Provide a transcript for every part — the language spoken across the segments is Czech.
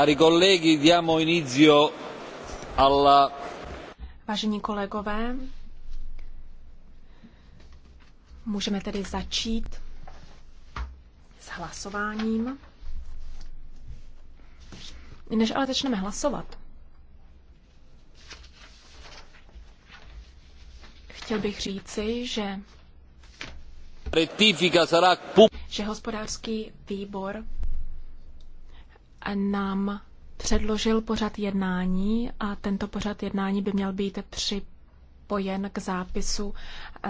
Cari colleghi, diamo inizio alla... Vážení kolegové, můžeme tedy začít s hlasováním. Než ale začneme hlasovat, chtěl bych říci, že že hospodářský výbor nám předložil pořad jednání a tento pořad jednání by měl být připojen k zápisu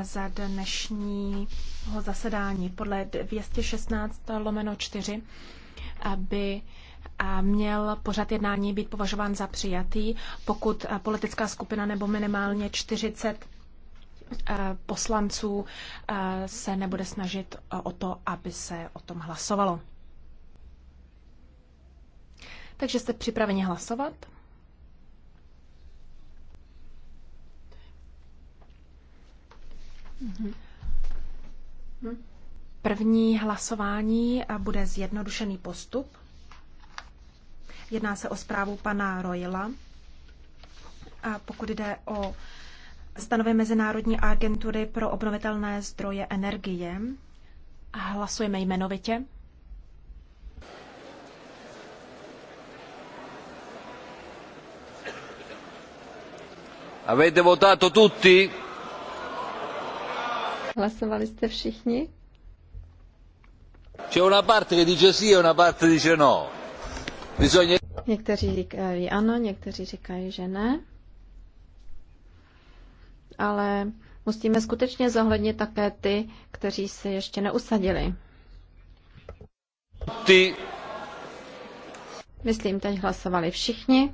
za dnešního zasedání. Podle 216 lomeno 4 by a měl pořad jednání být považován za přijatý, pokud politická skupina nebo minimálně 40 poslanců se nebude snažit o to, aby se o tom hlasovalo. Takže jste připraveni hlasovat? První hlasování bude zjednodušený postup. Jedná se o zprávu pana Royla. A pokud jde o stanovy Mezinárodní agentury pro obnovitelné zdroje energie, hlasujeme jmenovitě. Avete votato tutti? Hlasovali jste všichni? C'è una parte che dice sì e una parte dice no. Bisogna... Někteří říkají ano, někteří říkají, že ne. Ale musíme skutečně zohlednit také ty, kteří se ještě neusadili. Ty. Myslím, teď hlasovali všichni.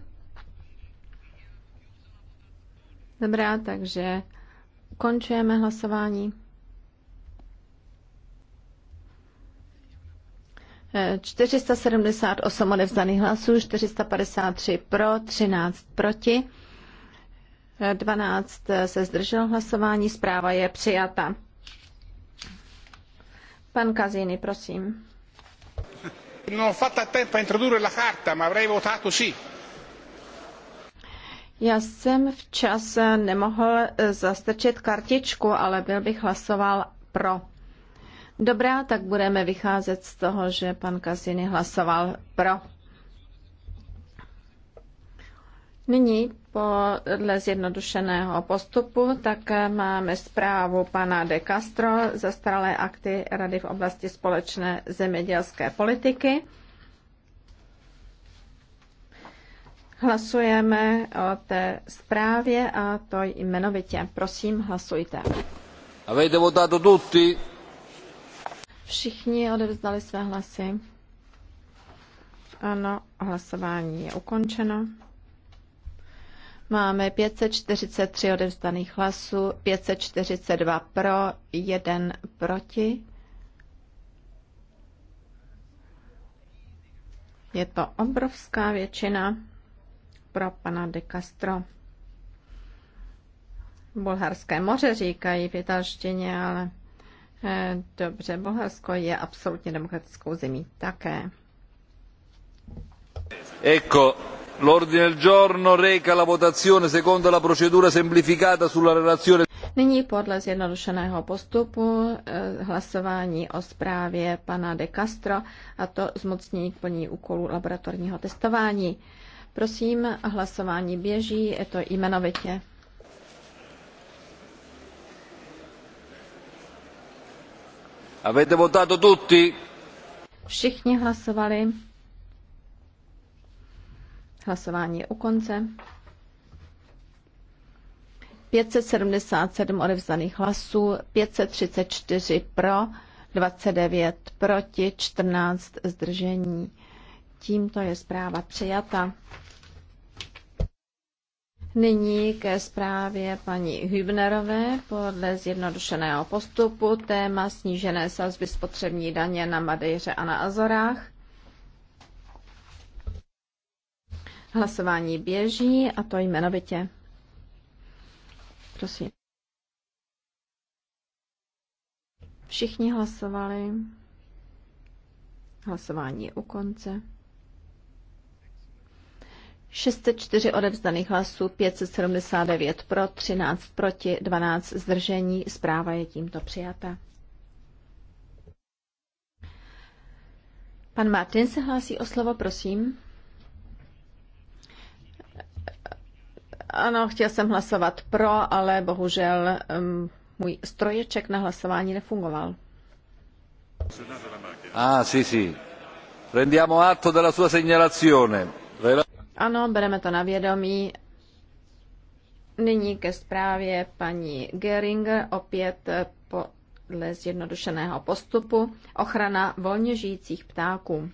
Dobrá, takže končujeme hlasování. 478 eh, odevzdaných hlasů, 453 pro, 13 proti, 12 eh, se zdržel hlasování, zpráva je přijata. Pan Kazini, prosím. Non ho fatta a tempo a introdurre la carta, ma avrei votato sì. Já jsem včas nemohl eh, zastrčit kartičku, ale byl bych hlasoval pro. Dobrá, tak budeme vycházet z toho, že pan Kasiny hlasoval pro. Nyní podle zjednodušeného postupu tak eh, máme zprávu pana De Castro, zastaralé akty Rady v oblasti společné zemědělské politiky. Hlasujeme o té zprávě a to jmenovitě. Prosím, hlasujte. Avete votato tutti? Všichni odevzdali své hlasy. Ano, hlasování je ukončeno. Máme 543 odevzdaných hlasů, 542 pro, 1 proti. Je to obrovská většina pro pana de Castro. Bulharské moře říkají v italštině, ale eh, dobře, Bulharsko je absolutně demokratickou zemí také. Ecco, l'ordine del giorno reca la votazione secondo la procedura semplificata sulla relazione. Nyní podle zjednodušeného postupu eh, hlasování o zprávě pana de Castro a to zmocnění k plní úkolů laboratorního testování. Prosím, hlasování běží, je to jmenovitě. Avete votato tutti? Všichni hlasovali. Hlasování je u konce. 577 odevzdaných hlasů, 534 pro, 29 proti, 14 zdržení. Tímto je zpráva přijata. Nyní ke zprávě paní Hübnerové podle zjednodušeného postupu téma snížené sazby spotřební daně na Madejře a na Azorách. Hlasování běží a to jmenovitě. Prosím. Všichni hlasovali. Hlasování je u konce. 604 odevzdaných hlasů, 579 pro, 13 proti, 12 zdržení. Zpráva je tímto přijata. Pan Martin se hlásí o slovo, prosím. Ano, chtěl jsem hlasovat pro, ale bohužel um, můj stroječek na hlasování nefungoval. Ah, sí sí. Prendiamo atto della sua segnalazione. Ano, bereme to na vědomí. Nyní ke zprávě paní Geringer, opět podle zjednodušeného postupu, ochrana volně žijících ptáků.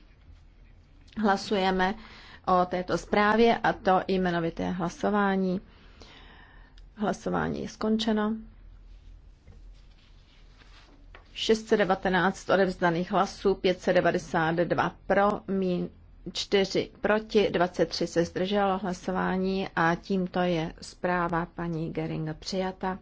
Hlasujeme o této zprávě a to jmenovité hlasování. Hlasování je skončeno. 619 odevzdaných hlasů, 592 pro, mín, 4 proti, 23 se zdrželo hlasování a tímto je zpráva paní Gering přijata.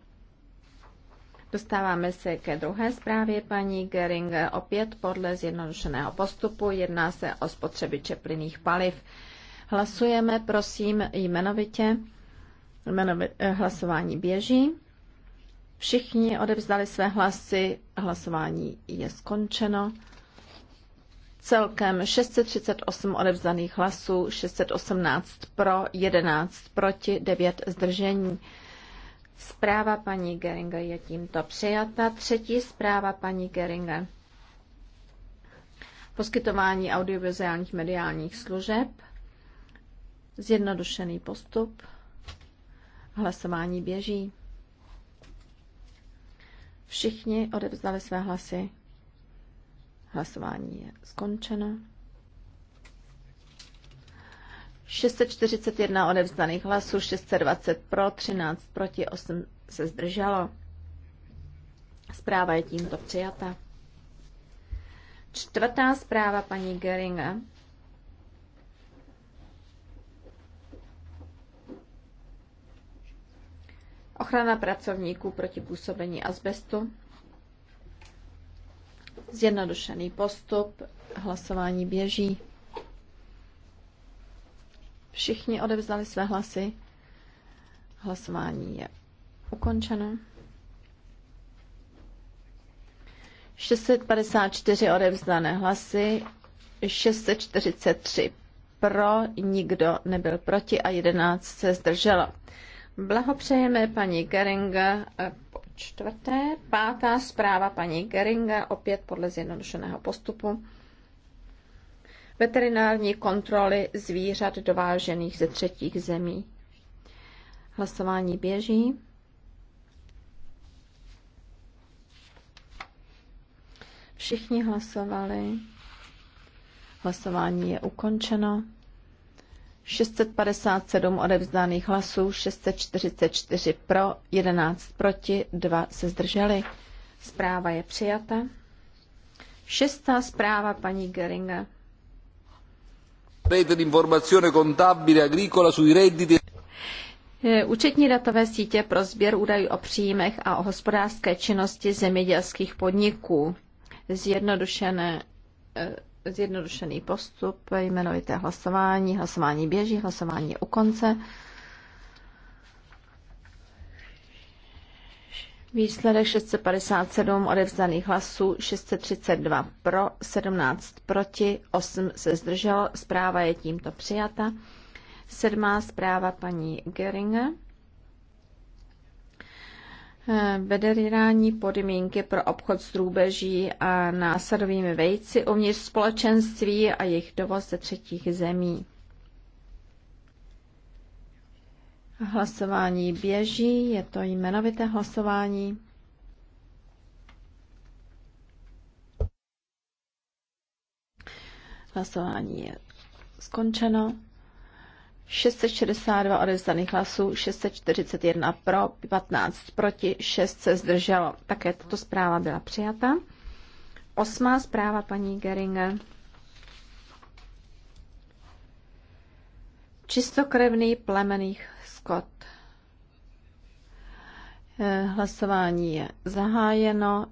Dostáváme se ke druhé zprávě paní Gering. Opět podle zjednodušeného postupu jedná se o spotřebiče plynných paliv. Hlasujeme, prosím, jmenovitě. Eh, hlasování běží. Všichni odevzdali své hlasy. Hlasování je skončeno celkem 638 odevzdaných hlasů, 618 pro, 11 proti, 9 zdržení. Zpráva paní Geringa je tímto přijata. Třetí zpráva paní Geringa. Poskytování audiovizuálních mediálních služeb. Zjednodušený postup. Hlasování běží. Všichni odevzdali své hlasy. Hlasování je skončeno. 641 odevzdaných hlasů, 620 pro, 13 proti, 8 se zdrželo. Zpráva je tímto přijata. Čtvrtá zpráva paní Geringa. Ochrana pracovníků proti působení asbestu. Zjednodušený postup, hlasování běží. Všichni odevzdali své hlasy. Hlasování je ukončeno. 654 odevzdané hlasy, 643 pro, nikdo nebyl proti a 11 se zdrželo. Blahopřejeme paní Geringa čtvrté. Pátá zpráva paní Geringa, opět podle zjednodušeného postupu. Veterinární kontroly zvířat dovážených ze třetích zemí. Hlasování běží. Všichni hlasovali. Hlasování je ukončeno. 657 odevzdaných hlasů, 644 pro, 11 proti, 2 se zdrželi. Zpráva je přijata. Šestá zpráva paní Geringa. Rete d'informazione contabile agricola sui redditi. Eh, účetní datové sítě pro sběr údajů o příjmech a o hospodářské činnosti zemědělských podniků. Zjednodušené eh, zjednodušený postup, jmenovité hlasování, hlasování běží, hlasování je u konce. Výsledek 657 odevzdaných hlasů, 632 pro, 17 proti, 8 se zdrželo. Zpráva je tímto přijata. Sedmá zpráva paní Geringer. Eh, veterinární podmínky pro obchod s drůbeží a násadovými vejci uvnitř společenství a jejich dovoz ze třetích zemí. Hlasování běží, je to jmenovité hlasování. Hlasování je skončeno. 662 odevzdaných hlasů, 641 pro, 15 proti, 6 se zdrželo. Také tato zpráva byla přijata. Osmá zpráva paní Geringe. Čistokrevný plemených skot. Eh, hlasování je zahájeno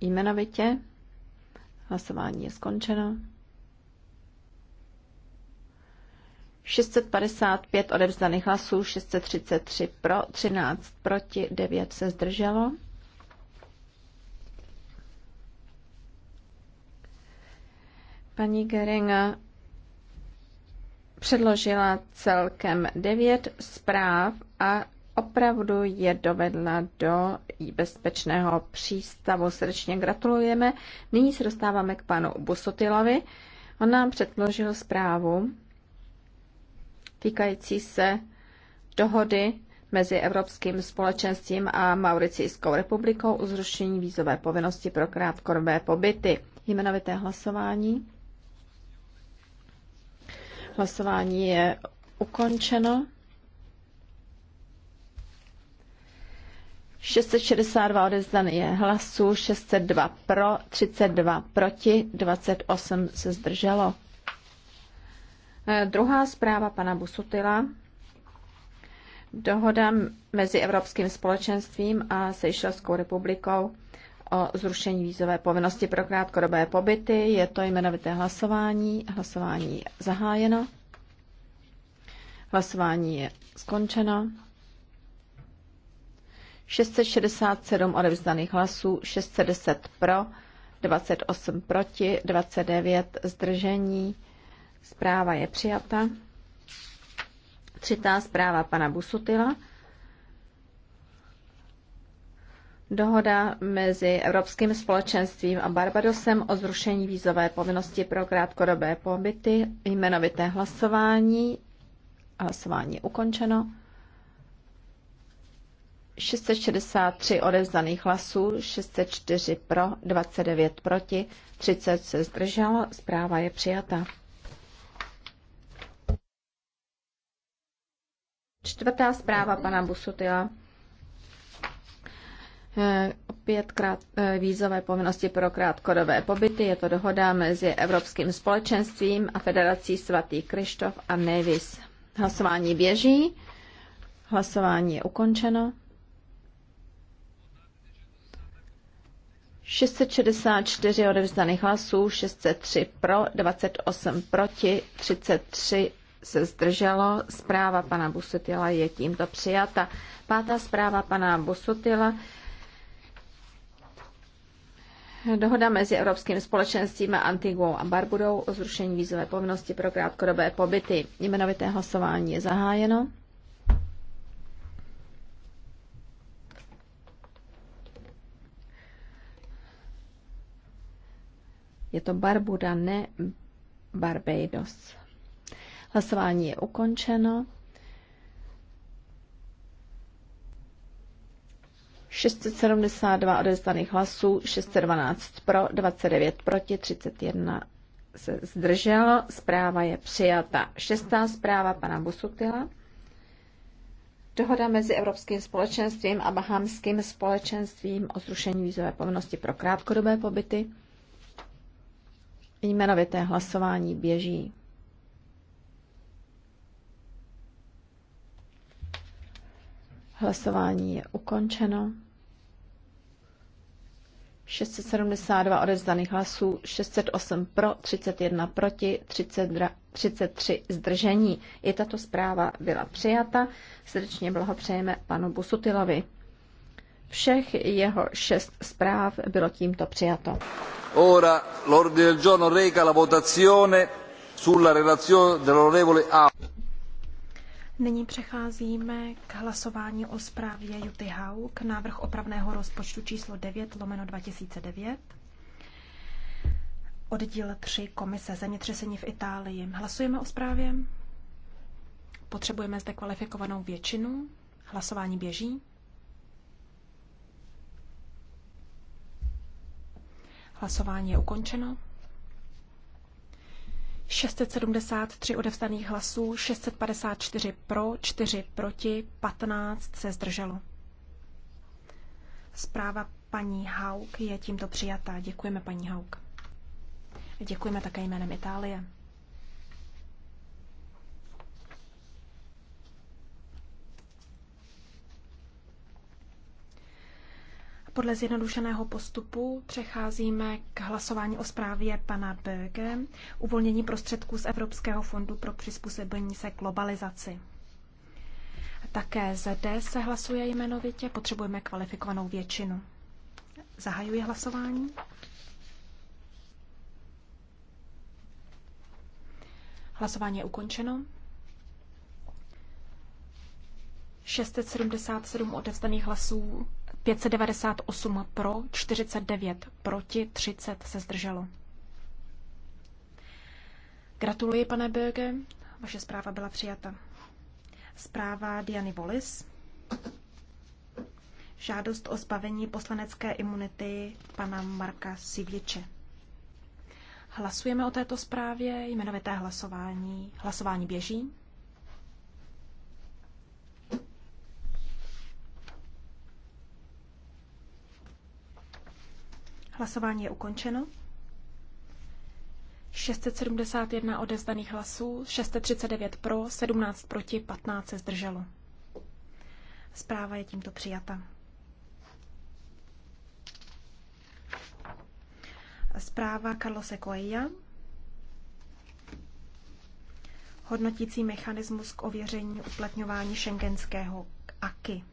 jmenovitě. Hlasování je skončeno. 655 odevzdaných hlasů, 633 pro, 13 proti, 9 se zdrželo. Paní Geringa předložila celkem 9 zpráv a opravdu je dovedla do bezpečného přístavu. Srdečně gratulujeme. Nyní se dostáváme k panu Busotilovi. On nám předložil zprávu týkající se dohody mezi Evropským společenstvím a Mauricijskou republikou o zrušení vízové povinnosti pro krátkodobé pobyty. Jmenovité hlasování. Hlasování je ukončeno. 662 je hlasů, 602 pro, 32 proti, 28 se zdrželo. Eh, druhá zpráva pana Busutila. Dohoda mezi Evropským společenstvím a Seychelskou republikou o zrušení vízové povinnosti pro krátkodobé pobyty. Je to jmenovité hlasování. Hlasování je zahájeno. Hlasování je skončeno. 667 odevzdaných hlasů, 610 pro, 28 proti, 29 zdržení. Zpráva je přijata. Třetá zpráva pana Busutila. Dohoda mezi Evropským společenstvím a Barbadosem o zrušení vízové povinnosti pro krátkodobé pobyty, jmenovité hlasování. Hlasování ukončeno. 663 odevzdaných hlasů, 604 pro, 29 proti, 30 se zdrželo, zpráva je přijata. Čtvrtá zpráva pana Busutila. Eh, krát, eh, vízové povinnosti pro krátkodové pobyty. Je to dohoda mezi Evropským společenstvím a Federací svatý Krištof a Nevis. Hlasování běží. Hlasování je ukončeno. 664 odevzdaných hlasů, 603 pro, 28 proti, 33 se zdrželo. Zpráva pana Busotila je tímto přijata. Pátá zpráva pana Busotila. Dohoda mezi Evropským společenstvím a Antiguou a Barbudou o zrušení vízové povinnosti pro krátkodobé pobyty. Jmenovité hlasování je zahájeno. Je to Barbuda, ne Barbados. Hlasování je ukončeno. 672 odezdaných hlasů, 612 pro, 29 proti, 31 se zdrželo. Zpráva je přijata. Šestá zpráva pana Busutila. Dohoda mezi Evropským společenstvím a Bahamským společenstvím o zrušení vízové povinnosti pro krátkodobé pobyty. Jmenovité hlasování běží. Hlasování je ukončeno. 672 odevzdaných hlasů, 608 pro, 31 proti, 33 zdržení. I tato zpráva byla přijata. Srdečně blahopřejeme panu Busutilovi. Všech jeho šest zpráv bylo tímto přijato. Ora l'ordine del giorno reca la votazione sulla relazione dell'onorevole A. Nyní přecházíme k hlasování o zprávě Juty Hauk, návrh opravného rozpočtu číslo 9 lomeno 2009. Oddíl 3 Komise zemětřesení v Itálii. Hlasujeme o zprávě. Potřebujeme zde kvalifikovanou většinu. Hlasování běží. Hlasování je ukončeno. 673 odevzdaných hlasů, 654 pro, 4 proti, 15 se zdrželo. Zpráva paní Hauk je tímto přijatá. Děkujeme paní Hauk. Děkujeme také jménem Itálie. Podle zjednodušeného postupu přecházíme k hlasování o zprávě pana Böge, uvolnění prostředků z Evropského fondu pro přizpůsobení se globalizaci. Také zde se hlasuje jmenovitě, potřebujeme kvalifikovanou většinu. Zahajuji hlasování. Hlasování je ukončeno. 677 odevzdaných hlasů 598 pro, 49 proti, 30 se zdrželo. Gratuluji, pane Böge. Vaše zpráva byla přijata. Zpráva Diany Volis. Žádost o zbavení poslanecké imunity pana Marka Sivliče. Hlasujeme o této zprávě, jmenovité hlasování. Hlasování běží. Hlasování je ukončeno. 671 odezdaných hlasů, 639 pro, 17 proti, 15 se zdrželo. Zpráva je tímto přijata. Zpráva Carlose Coelha. Hodnotící mechanismus k ověření uplatňování šengenského AKY.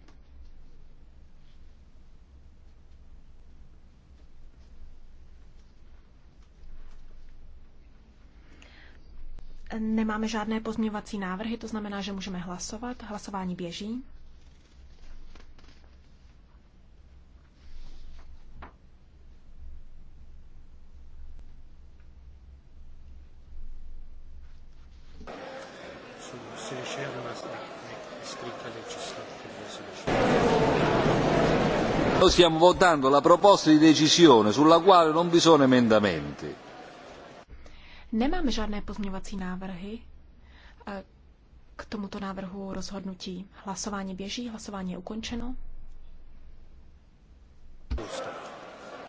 Nemáme žádné pozměňovací návrhy, to znamená, že můžeme hlasovat. Hlasování běží. Stiamo votando la proposta di decisione sulla quale non vi sono emendamenti. Nemáme žádné pozměňovací návrhy eh, k tomuto návrhu rozhodnutí. Hlasování běží, hlasování je ukončeno. Pusta.